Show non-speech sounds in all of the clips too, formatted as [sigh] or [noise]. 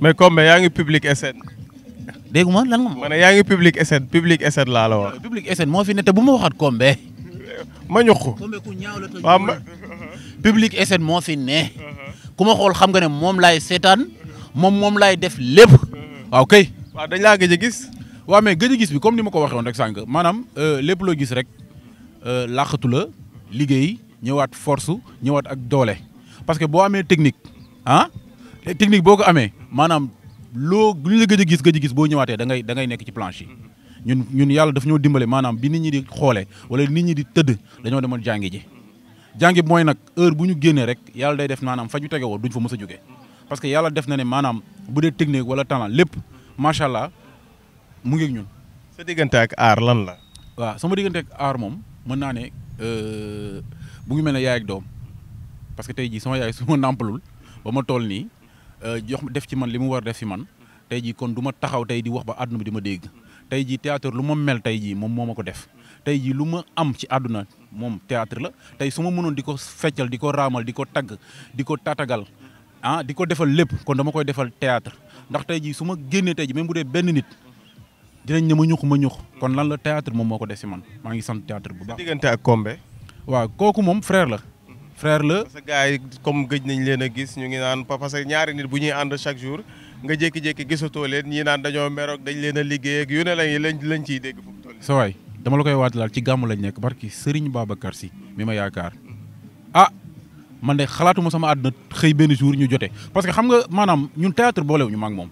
mais comme yaa ngi public SN. dégg ma lan ma. yaa ngi public SN public SN laa la wax. public SN moo fi ne ku ma. xool xam nga ne moom laay seetaan moom moom laay def lépp. Mm-hmm. waaw kay. dañ laa gëj a gis. waaw mais gëj gis bi comme ni ma ko waxee woon rek sànq maanaam euh, lépp loo gis rek euh, làqatu la liggéey ñëwaat force ñëwaat ak doole parce que boo amee technique ah technique boo ko amee maanaam loo lu ñu la gëj gis gëj gis boo ñëwaatee da ngay da nekk ci planche yi ñun ñun yàlla daf ñoo dimbale maanaam bi nit ñi di xoole wala nit ñi di tëdd dañoo demoon jàngi ji jàngi mooy nag heure bu ñu génnee rek yàlla day def maanaam fa ñu tege woo fa mës a jógee parce que yàlla def na ne maanaam bu dee technique wala talent lépp macha allah mu ngi ñun. sa diggante ak aar lan la. waaw sama diggante ak aar moom mën naa ne bu euh, ngi mel ne yaay ak doom parce que tey jii sama yaay su ma nàmpalul ba ma toll nii euh, jox def ci man li mu war def ci man tey jii kon du taxaw tey di wax ba àdduna bi di ma dégg tey jii théâtre lu ma mel tey jii moom moo ma ko def tey jii lu ma am ci àdduna moom théâtre la tey su ma mënoon di ko feccal di ko raamal di ko tagg di ko tatagal ah di ko defal lépp kon dama koy defal théâtre ndax tey jii su ma génnee tey jii même bu dee benn nit. dinañ ne ma ñux ma ñux kon lan la théâtre moom moo ko def si man maa ngi sant théâtre bu baax. diggante ak Combé. waaw kooku moom frère la. frère la parce que gars comme gëj nañ leen a gis ñu ngi naan parce que ñaari nit bu ñuy ànd chaque jour nga jékki-jékki gisatoo leen ñii naan dañoo meroog dañ leen a liggéey ak yu ne lañ lañ lañ ciy dégg fu mu toll. sa waay dama la koy waatalaal ci gàmmu lañ nekk barki Serigne Babacar si mi ma yaakaar ah man de xalaatuma sama àdduna xëy benn jour ñu jote parce que xam nga maanaam ñun théâtre boolewuñu ma moom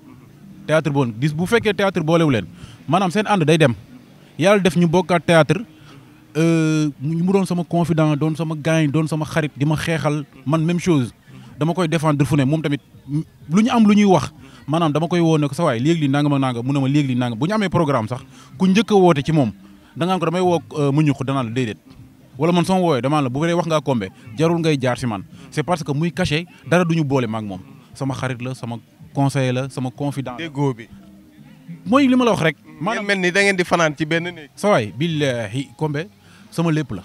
théâtre bon dis bu fekkee théâtre boolewu leen maanaam seen ànd day dem yàlla def ñu bokkaat théâtre euh, mu doon sama confident doon sama gaañ doon sama xarit di ma xeexal man même chose dama koy défendre fu ne moom tamit lu ñu am lu ñuy wax maanaam dama koy woo ne ko sa waay léegi lii nanga ma nanga mun ne ma léegi lii nanga bu ñu amee programme sax ku njëkk woote ci moom dangaan ko damay woo euh, mu ñuq danaan la déedéet wala man sama woowee damaa la bu dee wax ngaa kombe jarul ngay jaar si man c'est parce que muy caché dara duñu boole maag moom sama la sama conseil la sama confident déggoo bi mooy li ma la wax rek. Mm. maanaam mel ni da ngeen di fanaan ci benn néeg. sa waay billahi kombe sama lépp la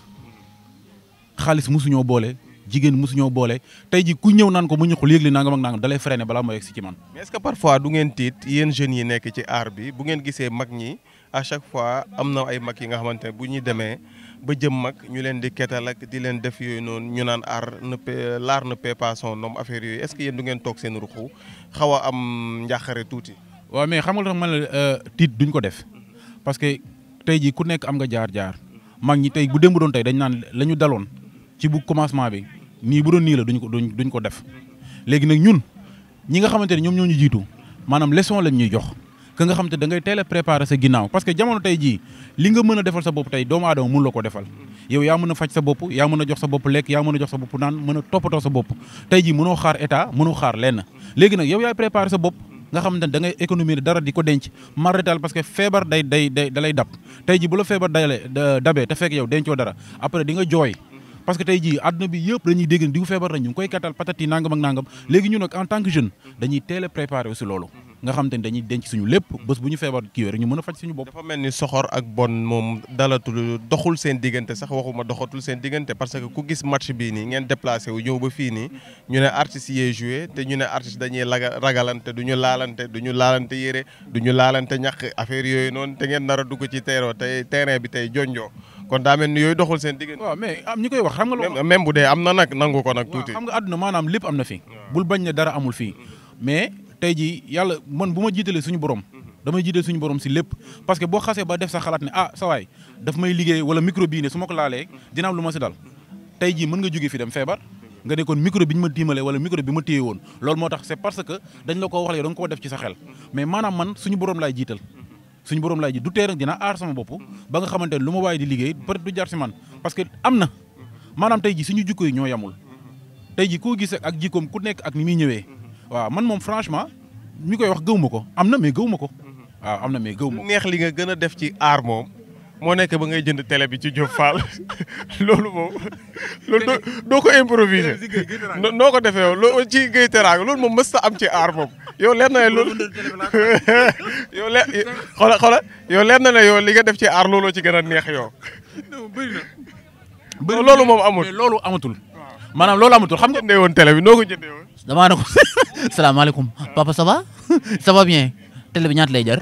xaalis mosuñoo boole jigéen mosuñoo boole tey ji ku ñëw naan ko mu ñu xul yëgle nangam ak nangam dalay freiné balaa ma yegg si ci man. mais est-ce que du ngeen tiit yéen jeunes yi nekk ci aar bi bu ngeen gisee mag ñi. à chaque fois am na ay mag yi nga xamante ne bu ñuy demee ba jëm mag ñu leen di ketal ak di leen def yooyu noonu ñu naan aar ne laar l'art ne paie pas yooyu est-ce que yéen du ngeen toog seen ruqu xaw a am njaaxare tuuti. waaw mais xam nga tax man la euh, tiit duñ ko def parce que tey jii ku nekk am nga jaar-jaar mag ñi tey bu dem démb doon tey dañ naan la ñu daloon ci bu commencement bi nii bu doon nii la duñ ko duñ ko def léegi nag ñun ñi nga xamante ne ñoom ñooñu jiitu maanaam leçon lañ ñuy jox. que nga xam te da ngay a préparer sa ginnaaw parce que jamono tey jii li nga mën a defal sa bopp tey doomu aadama mun ko defal yow yaa mën a faj sa bopp yaa mën a jox sa bopp lekk yaa mën a jox sa bopp naan mën a toppatoo sa bopp tey jii mënoo xaar état mënoo xaar lenn léegi nag yow yaay préparer sa bopp nga xam ne da ngay économie dara di ko denc marital parce que feebar day day day dalay dab tey ji bu la feebar dalee dabee te fekk yow dencoo dara après di nga jooy parce que tey jii àdduna bi yëpp dañuy dégg ne diw feebar na ñu ngi koy kattal patati nangam ak nangam léegi ñun nag en tant que jeune dañuy teel a préparé aussi loolu nga xam te ne dañuy denc suñu lépp bés bu ñu feebar kii ñu mën a faj suñu bopp. dafa mel ni soxor ak bon moom dalatul doxul seen diggante sax waxuma doxatul seen diggante parce que ku gis match bii nii ngeen déplacé wu ñëw ba fii nii ñu ne artistes yee joué te ñu ne artistes dañuy laga ragalante du ñu laalante du ñu laalante yére du laalante ñàkk affaire yooyu noonu te ngeen nar a dugg ci teeroo terrain bi tey jonjoo kon daa mel ni yooyu doxul seen diggante. waaw mais am ñi koy wax xam nga. loolu même bu am na nag ko nag. tuuti xam nga àdduna maanaam lépp am na amul fii. mais tey jii yàlla man bu ma jiitalee suñu borom. Mhm. damay jiite suñu borom si lépp parce que boo xasee ba def sa xalaat ne ah sa waay daf may liggéey wala micro bii ne su ma ko laalee dina am lu ma si dal tey jii mën nga jóge fi dem feebar nga ne micro bi ñu ma diimale wala micro bi ma téye woon loolu moo tax c'est parce que dañ la ko wax la da nga koo def ci sa xel mais maanaam man suñu borom laay jiital suñu borom laay ji du tee nag dina aar sama bopp ba nga xamante lu ma waaye di liggéey peut-être du jar si man parce am na maanaam tey ji suñu jikko ñoo yamul tey ji koo gis ak jikkoom ku nekk ak ni muy ñëwee waaw man moom franchement mi koy wax gëw ma ko am na mais gëw ma ko waaw am na mais gëw ma ko neex li nga gën a def ci aar moom moo nekk ba ngay jënd télé bi ci Diop faal [laughs] loolu moom loolu doo ko improviser noo ko defee loolu ci géy teraanga loolu moom mësta am ci aar moom yow leer na ne loolu [laughs] yow yow leer na ne yow li nga def ci aar looloo ci gën a neex yow [laughs] loolu moom amul loolu amatul maanaam loolu amatul xam nga jëndee woon télé bi noo ko jëndee woon damaa ko salaamaaleykum papa ça va ça va bien télé bi ñaata lay jar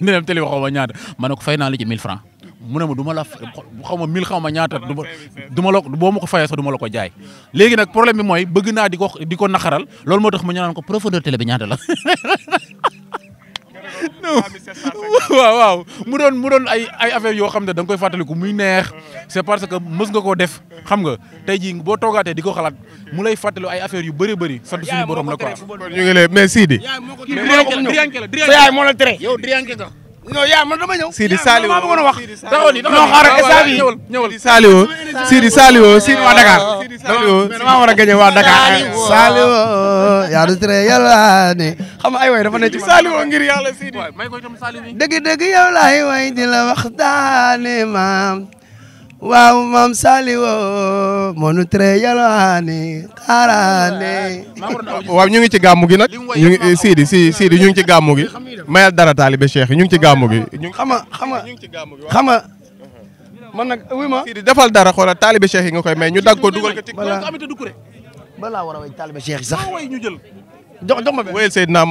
ne dem télé waxoo ma ñaata ma ne ko fay naa la ci francs mu ne ma du la xaw ma 1000 xaw ma ñaata du ma du ma la boo ma ko fayee sax du ma la ko jaay. léegi nag problème bi mooy bëgg naa di ko di ko naxaral loolu moo tax ma ñaanaan ko profondeur télé bi ñaata la. [laughs] waaw waaw mu doon mu doon ay ay affaire yoo xam ne da nga koy fàttaliku muy neex c'est parce que mës nga koo def. xam nga tey jii boo toogaatee di ko xalaat mu lay fàttali ay affaire yu bëri bëri sant suñu borom la quoi. ñu ngi lay mais Sidi. sa yaay moo la tere. yow diriyanke nga. non yaa man dama ñëw. Sidi Saliou maa bëggoon a wax. taxaw ni non xaaral instant bii ñëwal Saliou Sidi Saliou Sidi waa Dakar. Saliou damaa war a gañe waa Dakar. tere yàlla ne. ay way dafa ne ci Saliou ngir yàlla Sidi. dëgg dëgg yow laay way di la waxtaane waaw maam Saliou monu tre yalwaani xaaraane waaw ñu ngi ci gàmmu gi nag ñu ngi eh, Sidi si Sidi ñu ci gàmmu gi mayal dara taalibe Cheikh ñu ngi ci gàmmu gi xam nga xam nga xam nga man nag oui ma defal dara xoolal taalibe Cheikh yi nga koy may ñu dag ko dugal ko ci balaa war a way taalibe Cheikh sax ñu jël jox jox ma benn wéyal Seydina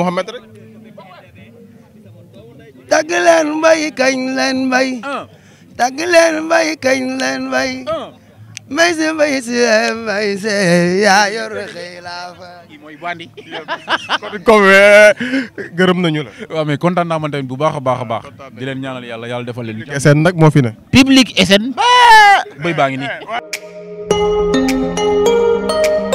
leen mbay kañ leen mbay ah. tàgg leen mbay kañ leen mbay oh. mbay si mbay si mbay si yaa yor xilaafa mooy bandi comme eh, gërëm nañu la waaw mais kontaan naa man bu baax a baax a baax di leen ñaanal yàlla yàlla defal leen SN nag moo fi ne Public SN bay baa ngi nii eh,